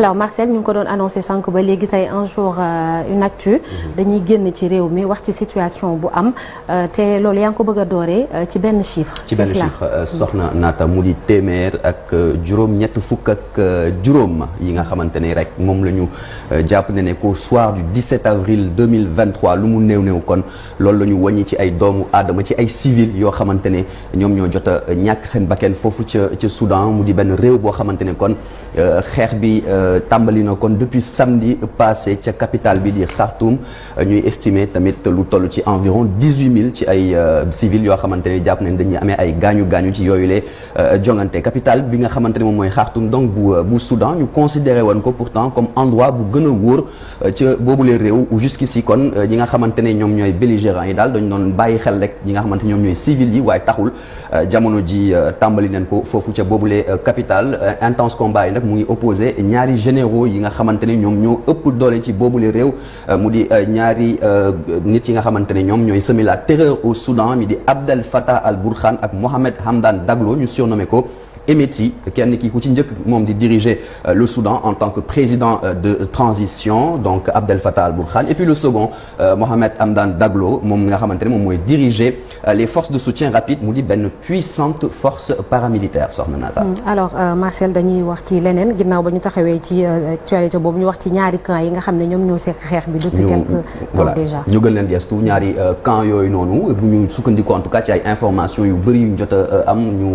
alors Marcel ñu ngi ko doon annoncé sànq ba léegi tey un jour euh, une actu mhm. dañuy génn ci réew mi wax ci situation bu am euh, te loolu yaa ngi ko bëgg a dooree euh, ci benn chiffre. ci benn chiffre mhm. soxna naata mu di téeméer ak juróom-ñett fukk ak juróom yi nga xamante ne rek moom la ñu jàpp ne ne qu'au soir du 17 avril 2023 lu mu néew néew kon loolu la ñu wàññi ci ay doomu aadama ci ay civil yoo xamante ne ñoom ñoo jot ñàkk seen bakkan foofu ca ca Soudan mu di benn réew boo xamante ne kon xeex bi. tàmbali na kon depuis samedi passé ca capitale bi di Khartoum euh, ñuy estimer tamit lu toll ci environ dix-huit mille ci ay euh, civils yoo xamante ne jàpp nañ dañuy amee ay gaañu gaañu ci yooyu lee euh, jongante capital bi nga xamante ne moom mooy Khartoum donc bu bu Soudan ñu considéré woon ko pourtant comme endroit bu gën a wóor ca boobule réew ou si kon ñi nga xamante ne ñoom ñooy belligérants yi daal dañ doon bàyyi xel rek ñi nga xamante ñoom ñooy civils yi waaye taxul jamono ji tàmbali nañ ko foofu ca boobule capitale intense combat généraux yi nga xamante ne ñoom ñoo ëpp doole ci boobu boobule réew euh, mu di euh, ñaari euh, nit yi nga xamante ne ñoom ñooy semer la terreur au Soudan mi di Abdel Fattah al-Burhan ak Mohamed Hamdan Daglo ñu surnommé ko e Emeti kenn ki ku ci njëkk moom di diriger euh, le Soudan en tant que président euh, de transition donc Abdel Fattah al-Burhan et puis le second euh, Mohamed Hamdan Daglo moom nga xamante ne moom mooy diriger les forces de soutien rapide mu di benn puissante force paramilitaire soxna Naata. Mm, alors Marcel dañuy wax ci leneen ginnaaw ba ñu taxawee ci actualité boobu ñu wax ci ñaari camp yi nga xam ne ñoom ñoo seq xeex bi. depuis quelque temps déjà ñu gën leen gestu ñaari camp yooyu noonu bu ñu sukkandikoo en tout ay informations yu bëri yu jot am ñu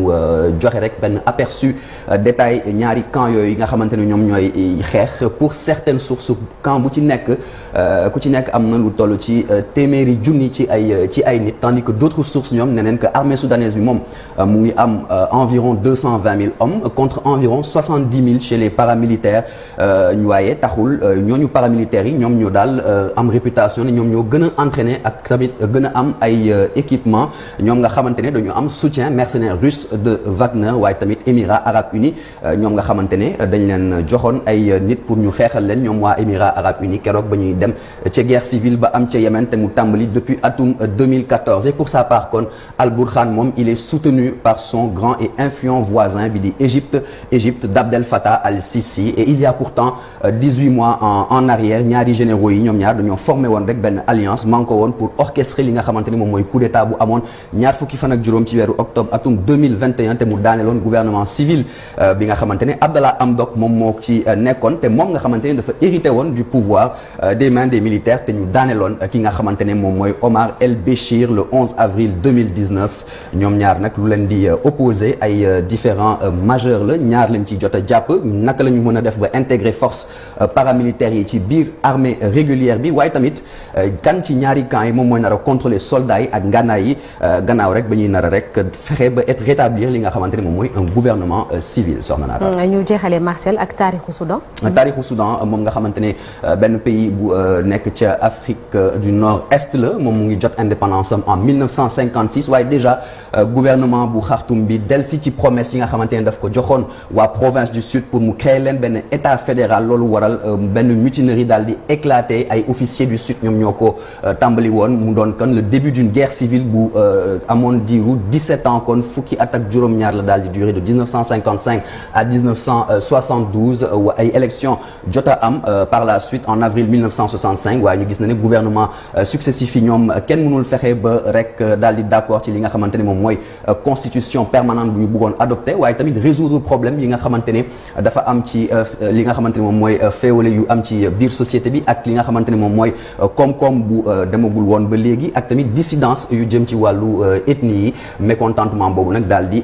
joxe rek benn. aperçu euh, détail ñaari camp yooyu nga xamante ne ñoom ñooy euh, xeex pour certaines sources camp bu ci nekk euh, ku ci nekk am na lu toll ci téeméeri junni ci ay ci ay nit tandis que d'autres sources ñoom ne neen que armée soudanaise bi moom mu ngi am environ deux cent vingt mille hommes contre environ soixante dix mille chez les paramilitaires ñu waaye taxul ñooñu paramilitaires yi ñoom ñoo daal am réputation ne ñoom ñoo gën a entraîné ak tamit gën a am ay équipement ñoom nga xamante ne dañu am soutien mercenaires russe tamit émirats arabes unis euh, ñoom nga xamante ne dañ leen joxoon ay nit pour ñu xeexal leen ñoom waa émirats arabes unis keroog ba ñuy dem ca guerre civile ba am ca Yémen te mu tàmbali depuis atum 2014 pour sa part kon Al Burhan moom il est soutenu par son grand et influent voisin bi di Égypte Égypte d'Abdel Fattah al-Sisi et il y a pourtant 18 euh, mois en arrière ñaari généraux ñoom ñaar dañoo formé woon benn alliance manko pour orchestrer li nga xamante gouvernement civil euh, bi nga xamante ne Abdallah Hamdok moom moo ci euh, nekkoon te moom nga xamante ne dafa hérité woon du pouvoir euh, des mains des militaires te ñu daaneloon ki nga xamante moom mooy Omar El Béchir le 11 avril 2019 ñoom ñaar nag lu leen di opposé ay différents majeurs la ñaar lañ ci jot a jàpp naka la ñu mën a def ba intégrer force paramilitaires yi ci biir armée régulière bi waaye tamit kan ci ñaari camp yi moom mooy nar a contrôler soldats yi ak ngànnaay yi a rek un gouvernement euh, civil soxna naata. Mmh, ñu jeexalee Marcel ak taarixu Soudan. Euh, taarixu Soudan euh, moom nga xamante ne benn pays bu nekk ca Afrique du Nord Est la moom mu ngi jot indépendance am en 1956 waaye déjà gouvernement bu Khartoum bi delsi ci promesse yi nga xamante ne daf ko joxoon waa province du sud pour mu créer leen benn état fédéral loolu waral benn mutinerie daal di éclater ay officiers du sud ñoom ñoo ko tàmbali woon mu doon kon le début d'une guerre civile bu amoon diiru 17 ans kon fukki at la daal di de 1955 à 1972 wa euh, ay élection jot a am euh, par la suite en avril 1965 waaye ñu gis na ne gouvernement euh, successif yi ñoom kenn mënul fexe ba rek daal di d'accord ci li nga xamante ne moom mooy constitution permanente bu ñu buggoon adopté waaye tamit résoudre problème yi nga xamante ne dafa am ci li nga xamante ne moom mooy féewale yu am ci biir société bi ak li nga xamante ne moom mooy koom-koom bu demagul woon ba léegi ak tamit dissidence yu jëm ci wàllu ethnie yi mécontentement boobu nag daal di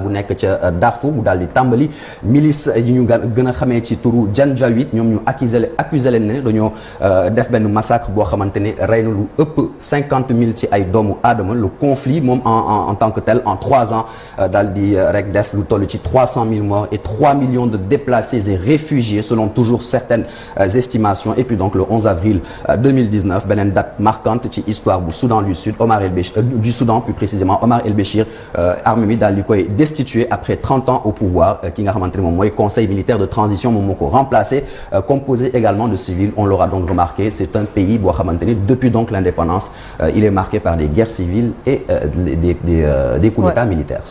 bu nekk ca euh, Darfour bu daal di tàmbali milice yi ñu gën a xamee ci turu Janjaweed ñoom ñu accusé accusé leen ne dañoo euh, def benn massacre boo xamante ne rey na lu ëpp cinquante mille ci ay doomu aadama le conflit moom en en tant que tel en trois ans euh, daal di rek def lu toll ci trois cent mille morts et trois millions de déplacés et réfugiés selon toujours certaines estimations et puis donc le avril 2019 beneen date ci histoire bu Soudan du Sud Omar El Béchir du Soudan plus destitué après 30 ans au pouvoir euh, ki nga xamante ne conseil militaire de transition moom remplacé euh, composé également de civils on l'aura donc remarqué c'est un pays boo xamante depuis donc l'indépendance euh, il est marqué par des guerres civiles et des coups d'état militaires.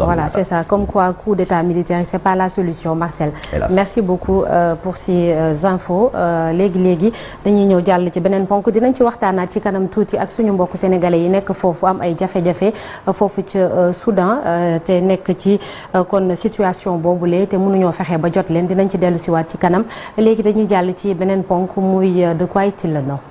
comme quoi coup d'état militaire c'est pas la solution Marcel. merci beaucoup pour ces infos léegi léegi dañuy ñëw jàll ci beneen ponk ci kanam tuuti ak suñu mbokk sénégalais Euh, kon situation boobu te mënuñoo fexe ba jot leen dinañ ci dellu siwaat ci kanam léegi dañuy jàll ci beneen ponk muy euh, de quoi est-il le